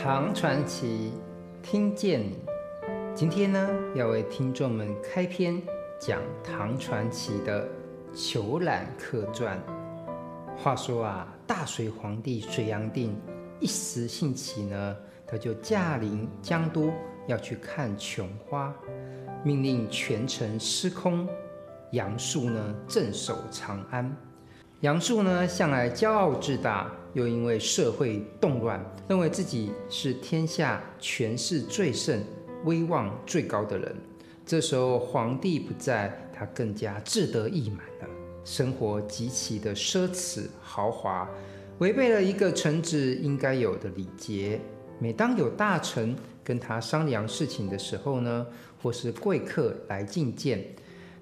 唐傳奇，聽見你。今天呢，要為聽眾們開篇講唐傳奇的《虯髯客傳》。話說啊，大隋皇帝隋煬帝一時興起呢，他就駕臨江都，要去看瓊花，命令權臣司空楊素呢，鎮守長安。楊素呢，向來驕傲自大。又因為社會動亂，認為自己是天下權勢最盛、威望最高的人。這時候皇帝不在，他更加志得意滿了，生活極其的奢侈豪華，違背了一個臣子應該有的禮節。每當有大臣跟他商量事情的時候呢，或是貴客來覲見，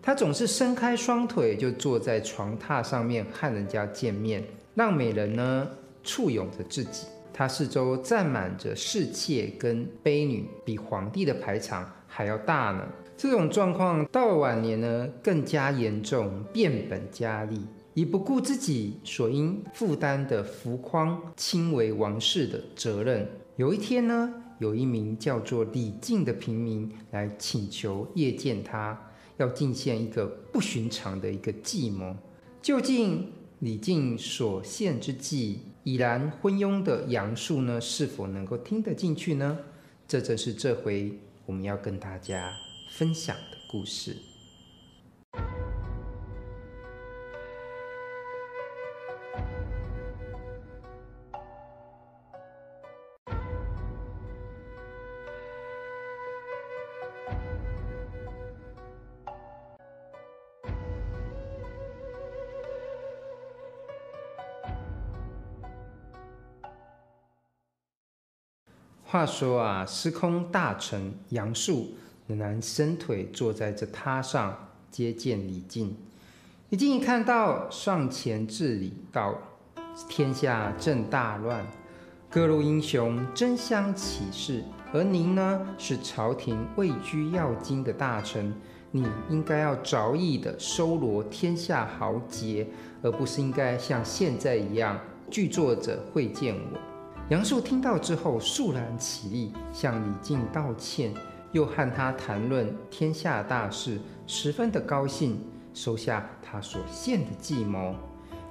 他總是伸開雙腿就坐在床榻上面和人家見面，讓美人呢。簇擁着自己，他四周站滿着侍妾跟婢女，比皇帝的排場還要大呢。這種狀況到了晚年呢，更加嚴重，變本加厲，已不顧自己所應負擔的扶持傾危王室的責任。有一天呢，有一名叫做李靖的平民來請求謁見他，要進獻一個不尋常的一個計謀。究竟李靖所獻之計，已然昏庸的楊素呢，是否能夠聽得進去呢？這正是這回我們要跟大家分享的故事。話說啊，司空大臣楊素仍然伸腿坐在這榻上接見李靖。李靖一看到，上前致禮道：“天下正大亂，各路英雄爭相起事，而您呢，是朝廷位居要津的大臣，你應該要着意的收羅天下豪傑，而不是應該像現在一樣拒坐着會見我。”楊素聽到之後，肅然起立，向李靖道歉，又和他談論天下大事，十分的高興，收下他所獻的計謀。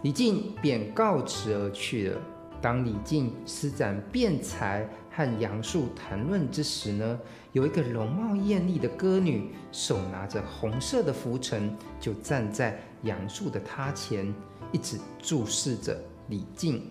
李靖便告辭而去了。當李靖施展辯才和楊素談論之時呢，有一個容貌豔麗的歌女，手拿着紅色的拂塵，就站在楊素的榻前，一直注視着李靖。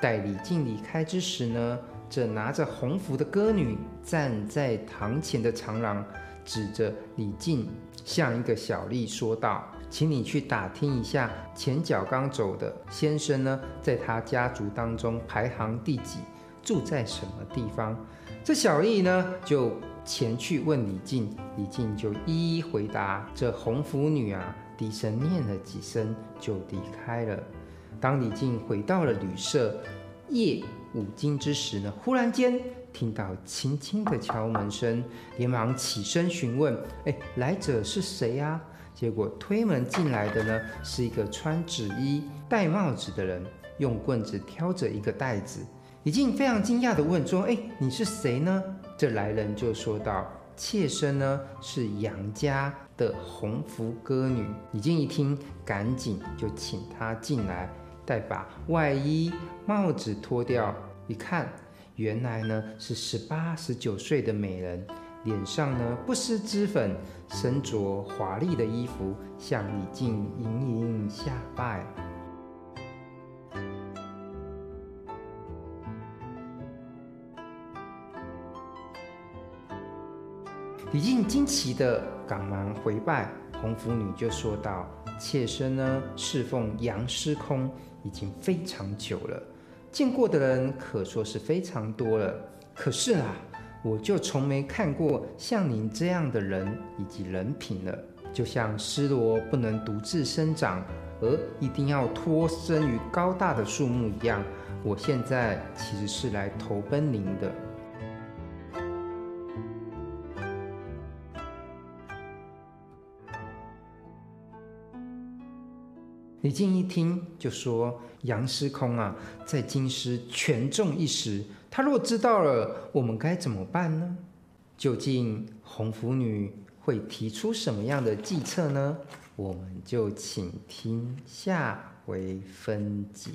待李靖離開之時呢，這拿着紅拂的歌女站在堂前的長廊，指着李靖向一個小吏說道：“請你去打聽一下，前腳剛走的先生呢，在他家族當中排行第幾，住在什麼地方。”這小吏呢，就前去問李靖，李靖就一一回答。這紅拂女啊，低聲念了幾聲，就離開了。當李靖回到了旅社，夜五更之時呢，忽然間聽到輕輕的敲門聲，連忙起身詢問：“哎、欸，來者是誰啊？”結果推門進來的呢，是一個穿紙衣、戴帽子的人，用棍子挑着一個袋子。李靖非常驚訝地問說：“說、欸、哎，你是誰呢？”這來人就說道：“妾身呢是楊家的紅拂歌女。”李靖一聽，趕緊就請她進來。再把外衣、帽子脫掉，一看，原來呢是十八、十九歲的美人，臉上呢不施脂粉，身着華麗的衣服，向李靖盈盈下拜。李靖驚奇的趕忙回拜，紅拂女就說道。妾身呢，侍奉楊司空已經非常久了，見過的人可說是非常多了。可是啊，我就從沒看過像您這樣的人以及人品了。就像絲蘿不能獨自生長，而一定要托生於高大的樹木一樣，我現在其實是來投奔您的。李靖一聽就說：“楊司空啊，在京師權重一時，他若知道了，我們該怎麼辦呢？究竟紅拂女會提出什麼樣的計策呢？我們就請聽下回分解。”